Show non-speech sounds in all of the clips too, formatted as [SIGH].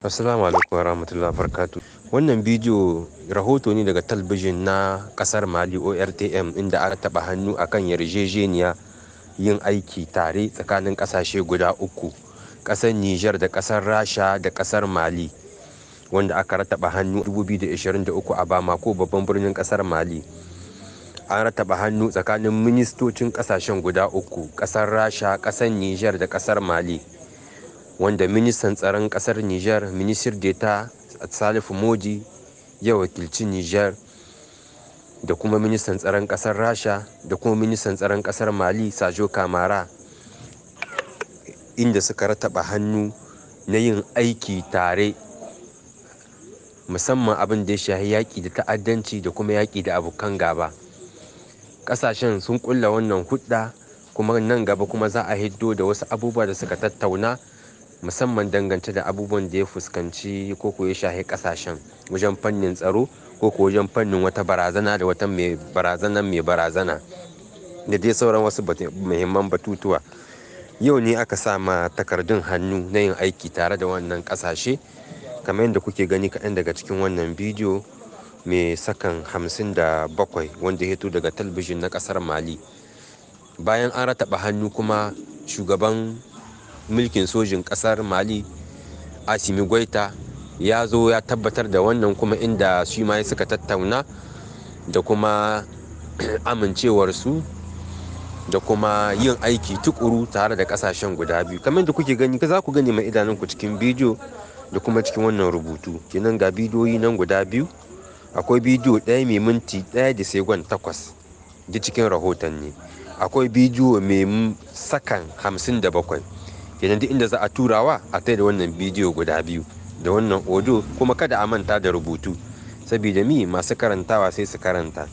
Assalamu alaikum warahmatullahi wabarakatuh. Wannan bidiyo rahoto ne daga talbijin na kasar Mali ORTM inda aka taba hannu akan yarjejeniya yin aiki tare tsakanin ƙasashe guda uku, kasar Nijar da kasar Rasha da kasar Mali wanda aka rataba hannu 2023 a ko babban birnin ƙasar Mali. An rataba hannu tsakanin ministocin ƙasashen guda uku, ƙasar Rasha, kasar Nijar da ƙasar Mali. wanda ministan tsaron kasar niger minister deta salifu moji ya wakilci niger da kuma ministan tsaron kasar rasha da kuma ministan tsaron kasar mali sajo kamara inda suka rataba hannu na yin aiki tare musamman abin da ya shahi yaƙi da ta'addanci da kuma yaƙi da abokan gaba ƙasashen sun ƙulla wannan hudda kuma nan gaba kuma za a hiddo da wasu abubuwa da suka tattauna musamman dangance da abubuwan da ya fuskanci ko ko ya shahi kasashen wajen fannin tsaro ko ko wajen fannin wata barazana da wata mai barazana mai barazana da dai sauran wasu muhimman batutuwa yau ne aka sa ma takardun hannu na yin aiki tare da wannan kasashe kamar yadda kuke gani kaɗan daga cikin wannan bidiyo mai sakan hamsin da bakwai wanda ya daga talabijin na ƙasar mali bayan an rataba hannu kuma shugaban mulkin sojin ƙasar mali asimi gwaita ya zo ya tabbatar da wannan kuma inda su ma suka tattauna da kuma [CLEARS THROAT] amincewarsu da kuma yin aiki tukuru tare da kasashen guda biyu kamar da kuke gani za ku gani mai idanunku cikin bidiyo da kuma cikin wannan rubutu kenan ga bidiyoyi nan guda biyu akwai bidiyo ɗaya mai minti ɗaya da segon takwas da cikin rahoton ne akwai bidiyo mai sakan hamsin da bakwai kenan duk inda za a turawa a kai da wannan bidiyo guda biyu da wannan odo kuma kada a manta da rubutu saboda mi masu karantawa sai su karanta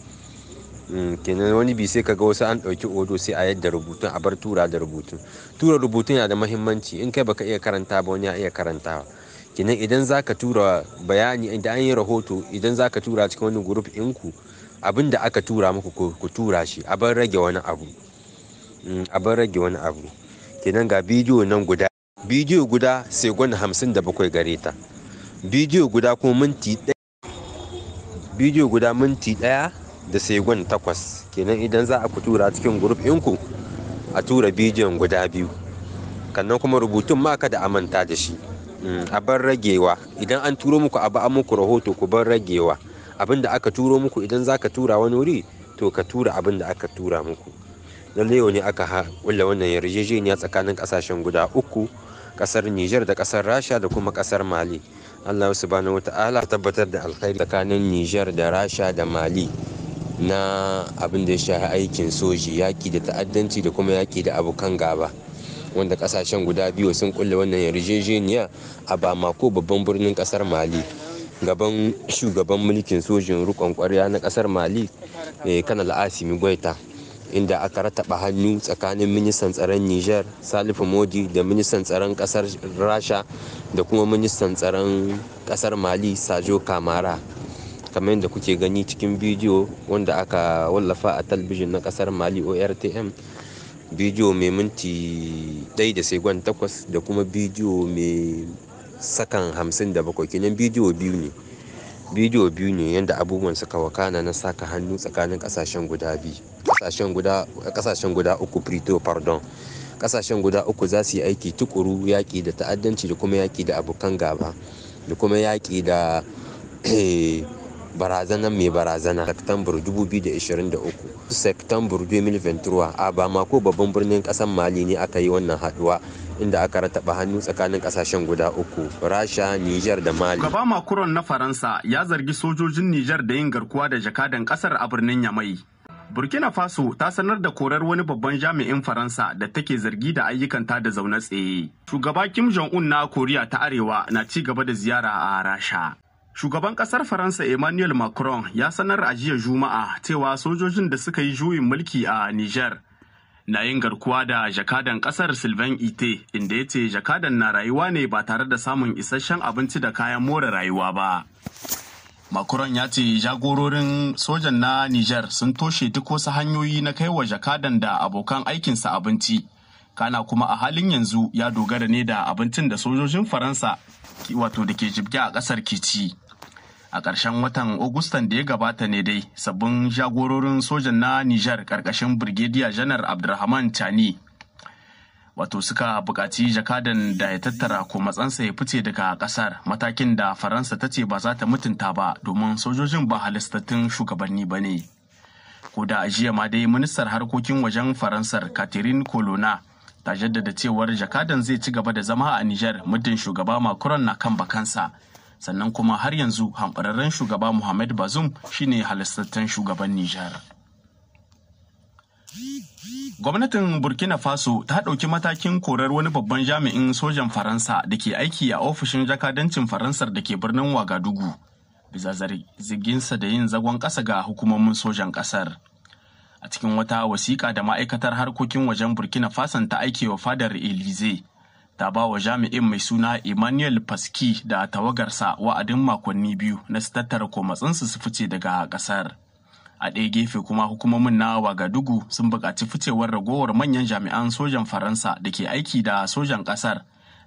mm, kenan wani bi sai kaga wasu an ɗauki odo sai a yadda rubutun a bar tura da rubutu tura rubutu yana da mahimmanci in kai baka iya karanta ba wani ya iya karantawa kenan idan za ka tura bayani idan an yi rahoto idan za ka tura cikin wani group ɗinku abin da aka tura muku ku tura shi a bar rage wani abu mm, a bar rage wani abu kenan ga bidiyo nan guda bidiyo guda sai gwanda hamsin da bakwai gare ta bidiyo guda kuma minti daya bidiyo guda minti ɗaya da sai gwanda takwas kenan idan za a ku tura cikin grup ɗinku a tura bidiyon guda biyu kannan kuma rubutun ma kada a manta da shi mm, a bar ragewa idan an turo muku abu an muku rahoto ku bar ragewa abinda aka turo muku idan za ka tura wani wuri to ka tura abin da aka tura muku na leo ne aka wanda wannan yarjejeniya tsakanin kasashen guda uku kasar niger da kasar rasha da kuma kasar mali allah subhanahu wa ta'ala tabbatar da alkhairi tsakanin niger da rasha da mali na abin da ya shafi aikin soji yaki da ta'addanci da kuma yaki da abokan gaba wanda kasashen guda biyu sun kulle wannan yarjejeniya a bamako babban birnin kasar mali gaban shugaban mulkin sojin rukon kwarya na kasar mali eh, kanal asimi goita inda aka rataba hannu tsakanin ministan tsaron nijar salifu modi da ministan tsaron kasar rasha da kuma ministan tsaron kasar mali sajo kamara kamar yadda kuke gani cikin bidiyo wanda aka wallafa a talbijin na kasar mali ortm bidiyo mai minti ɗaya da segon takwas da kuma bidiyo mai sakan hamsin da bakwai kenan bidiyo biyu ne bidiyo biyu ne yadda abubuwan suka wakana na saka hannu tsakanin kasashen guda biyu kasashen guda uku prito pardon kasashen guda uku za su yi aiki tukuru yaƙi da ta'addanci da kuma yaƙi da abokan gaba da kuma yaƙi da eh, barazanar mai barazana September 2023 September 2023 a Bamako babban birnin ƙasar Mali ne aka yi wannan haduwa inda aka rataba hannu tsakanin kasashen guda uku rasha niger da mali gaba Macron na faransa ya zargi sojojin niger da yin garkuwa da jakadan kasar a birnin yamai burkina faso ta sanar da korar wani babban jami'in faransa da take zargi da ayyukanta da zaune tsaye shugaba kim jong-un na koriya ta arewa na ci gaba da ziyara a rasha Shugaban kasar Faransa Emmanuel Macron ya sanar a jiya Juma'a cewa sojojin da suka yi juyin mulki a Niger na yin garkuwa da jakadan kasar Sylvain Ite inda ya ce jakadan na rayuwa ne ba tare da samun isasshen abinci da kayan more rayuwa ba. Macron ya ce jagororin sojan na Niger sun toshe duk wasu hanyoyi na kai wa jakadan da abokan aikinsa abinci. Kana kuma a halin yanzu ya dogara ne da abincin da sojojin Faransa wato da ke jibge a ƙasar Kici. a ƙarshen watan Agustan da ya gabata ne dai sabbin jagororin sojan na Nijar ƙarƙashin Birgediya Janar Abdulrahman Chani. Wato suka buƙaci jakadan da ya tattara ko matsansa ya fice daga ƙasar matakin da Faransa ta ce ba za ta mutunta ba domin sojojin ba halistattun shugabanni ba ne. Ko da jiya ma dai ministar harkokin wajen Faransar Catherine Colonna ta jaddada cewar jakadan zai ci gaba da zama a Nijar muddin shugaba Macron na kan bakansa. sannan kuma har yanzu hamɓararren shugaba Muhammad Bazoum shine halastattan shugaban Nijar. Gwamnatin Burkina Faso ta ɗauki matakin korar wani babban jami'in sojan Faransa da ke aiki a ofishin jakadancin Faransar da ke birnin Wagadugu, bisa zarginsa da yin zagon ƙasa ga hukumomin sojan ƙasar. A cikin wata wasiƙa da ma'aikatar harkokin wajen Burkina Fason ta wa fadar Elize, ta ba wa jami'in mai suna Emmanuel Faski da tawagarsa wa'adin makonni biyu na su tattara komatsinsu su fice daga ƙasar. A ɗaya gefe kuma hukumomin na Wagadugu sun buƙaci ficewar ragowar manyan jami'an sojan Faransa da ke aiki da sojan ƙasar,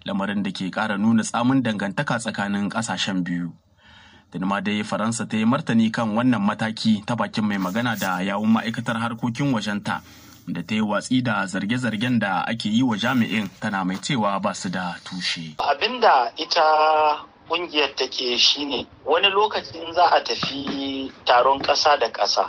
lamarin da ke ƙara nuna tsamin dangantaka tsakanin ƙasashen biyu. Dinma dai Faransa ta yi martani kan wannan mataki ta bakin mai magana da yawun ma'aikatar harkokin wajenta. da ta yi watsi da zarge-zargen da ake yi wa jami'in tana mai cewa ba su da tushe. Abin da ita kungiyar take ne, wani lokacin za a tafi taron ƙasa da ƙasa.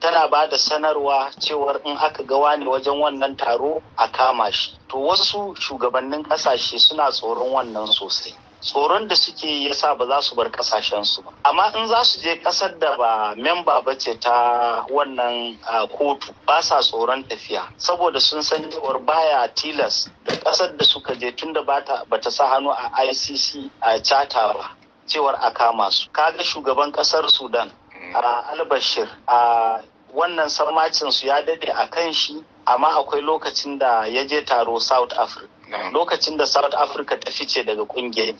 Tana ba da sanarwa cewar in aka ga wani wajen wannan taro a kama shi. To wasu shugabannin ƙasashe suna tsoron wannan sosai. tsoron da suke ya sa ba za su bar kasashensu ba amma in za su je ƙasar da ba memba ba ce ta wannan kotu ba sa tsoron tafiya saboda sun san cewar baya tilas da kasar da suka je tunda ba ta sa hannu a icc a chata ba cewar a kama su kaga shugaban ƙasar sudan a albashir a wannan sarmacinsu ya dade a kan shi amma akwai lokacin da ya je taro south africa lokacin da south Afirka ta fice daga kungiyar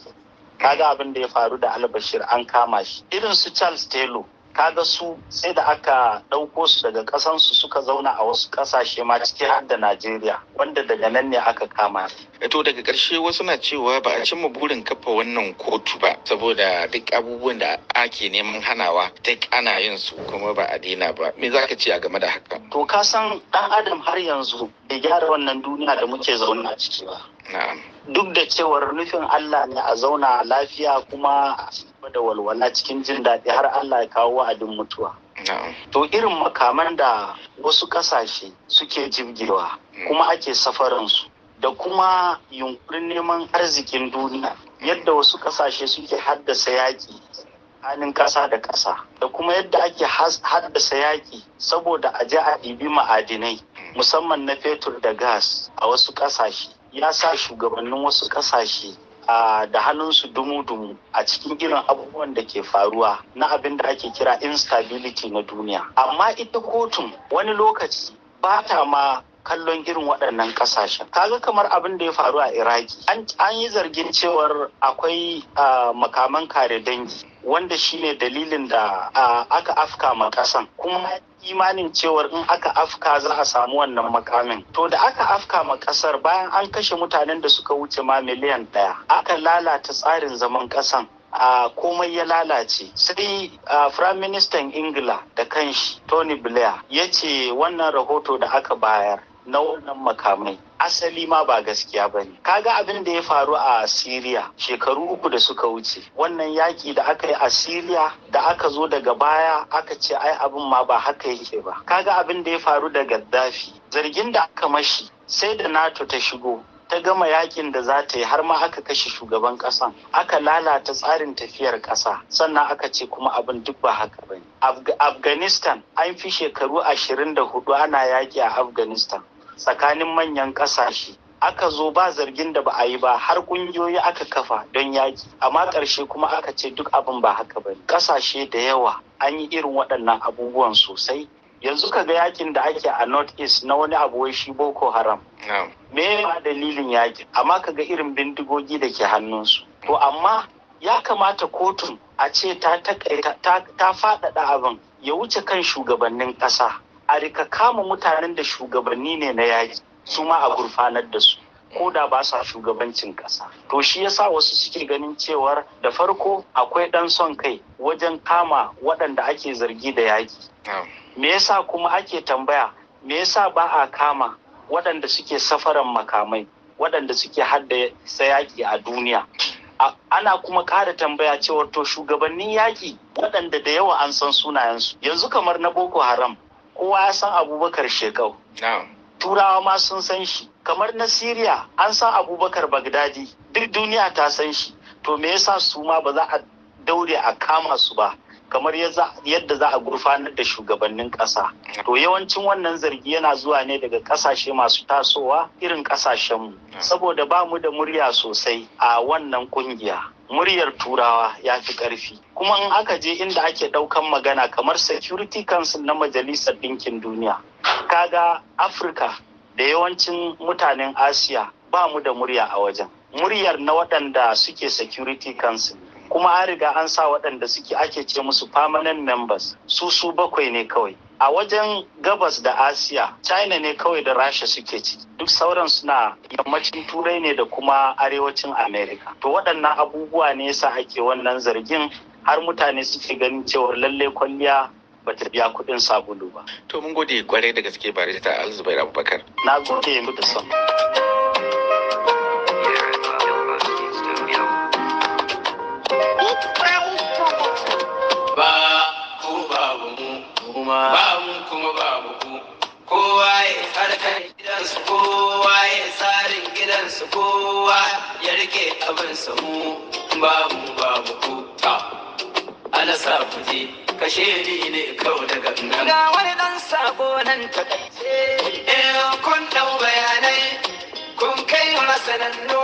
kaga abin da ya faru da albashir an kama shi irin su charles taylor Ka ga su sai da aka ɗauko su daga ƙasansu suka zauna a wasu ƙasashe ma ciki har da Najeriya wanda daga nan ne aka kama. Eh, to daga ƙarshe wasu na cewa ba a cimma burin kafa wannan kotu ba saboda duk abubuwan da ake neman hanawa duk ana yin su kuma ba a daina ba. Me za ka ce a game da haka? To ka san ɗan adam har yanzu bai gyara wannan duniya da muke zaune a ciki ba. Duk da cewar nufin Allah ne a zauna lafiya kuma da walwala cikin jin daɗi har Allah ya kawo wa'adin mutuwa. To irin makaman da wasu ƙasashe suke jirgewa mm. kuma ake safaransu da kuma yunkurin neman arzikin duniya yadda wasu ƙasashe suke haddasa yaƙi tsakanin ƙasa da ƙasa da kuma yadda ake haddasa yaƙi saboda a je a ɗibi ma'adinai mm. musamman na fetur da gas a wasu ƙasashe ya sa shugabannin wasu ƙasashe da hannunsu dumu-dumu a cikin irin abubuwan da ke faruwa na abin da ake kira instability na duniya amma ita kotun wani lokaci ba ta ma kallon irin waɗannan ƙasashen kaga kamar abin da ya faru a iraki an yi zargin cewar akwai makaman kare dangi wanda shine dalilin da aka afka ma ƙasan kuma imanin cewar in aka afka za a samu wannan makamin. To da aka afka ma ƙasar bayan an kashe mutanen da suka wuce ma miliyan ɗaya, aka lalata tsarin zaman ƙasan. a komai ya lalace sai prime minister ingila da kanshi tony blair ya ce wannan rahoto da aka bayar na wannan makamai asali ma ba gaskiya ba ne kaga abin da ya faru a Siriya shekaru uku da suka wuce wannan yaƙi da aka yi a Siriya da aka zo daga baya aka ce ai abin ma ba haka yake ba kaga abin da ya faru da Gaddafi zargin da aka mashi sai da NATO ta shigo ta gama yakin da za ta yi har ma aka kashe shugaban ƙasan aka lalata tsarin tafiyar ƙasa sannan aka ce kuma abin duk ba haka ba afghanistan an fi shekaru ashirin da hudu ana yaƙi a afghanistan tsakanin manyan ƙasashe aka zo ba zargin da ba a yi ba har ƙungiyoyi aka kafa don yaƙi amma ƙarshe kuma aka ce duk abin ba haka ba ƙasashe da yawa an yi irin waɗannan abubuwan sosai yanzu kaga yakin da ake a north east na wani abu shi boko haram me ma dalilin yaƙi, amma kaga irin bindigogi da ke hannunsu to amma ya kamata kotun a ce ta faɗaɗa abin ya wuce kan shugabannin ƙasa a rika kama mutanen da shugabanni ne na yaji su ma a gurfanar da su ko da ba sa shugabancin ƙasa. To shi yasa wasu suke ganin cewar da farko akwai ɗan son kai wajen kama waɗanda ake zargi da yaƙi. Me yasa kuma ake tambaya me yasa ba a kama waɗanda suke safaran makamai waɗanda suke haddasa yaƙi a duniya. Ana kuma ƙara tambaya cewar to shugabannin yaƙi waɗanda da yawa an san sunayensu yanzu kamar na Boko Haram kowa ya san abubakar shekau turawa ma sun san shi kamar na siriya an san abubakar bagdadi duk duniya ta san shi to me yasa su ma ba za a daure a kama su ba kamar yadda za a gurfanar da shugabannin ƙasa to yawancin wannan zargi yana zuwa ne daga ƙasashe masu tasowa irin ƙasashenmu saboda ba mu da murya sosai a wannan ƙungiya muryar turawa ya fi ƙarfi kuma in aka je inda ake ɗaukan magana kamar security council na majalisar ɗinkin duniya kaga afirka da yawancin mutanen asiya ba mu da murya a wajen muryar na waɗanda suke security council kuma an riga an sa waɗanda suke ake ce musu permanent members su su bakwai ne kawai a wajen gabas da asiya china ne kawai da rasha suke ci duk sauran suna yammacin turai ne da kuma arewacin america to waɗannan abubuwa ne yasa ake wannan zargin har mutane suke ganin cewar lallai kwalliya ba ta biya kuɗin sabulu ba to mun gode kwarai da gaske bare ta alzubai abubakar na gode muku da ne kawai daga nan. Ga wani ɗan sako nan ta eh kun ɗau bayanai, kun kai masanannu,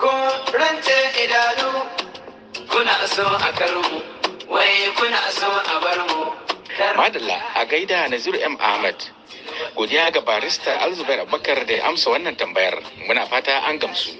kun rance idanu, kuna so a karmu, wai kuna so a bar mu. Madalla a gaida Naziru M. Ahmad. Godiya ga barista Alzubair Abubakar da ya amsa wannan tambayar. Muna fata an gamsu.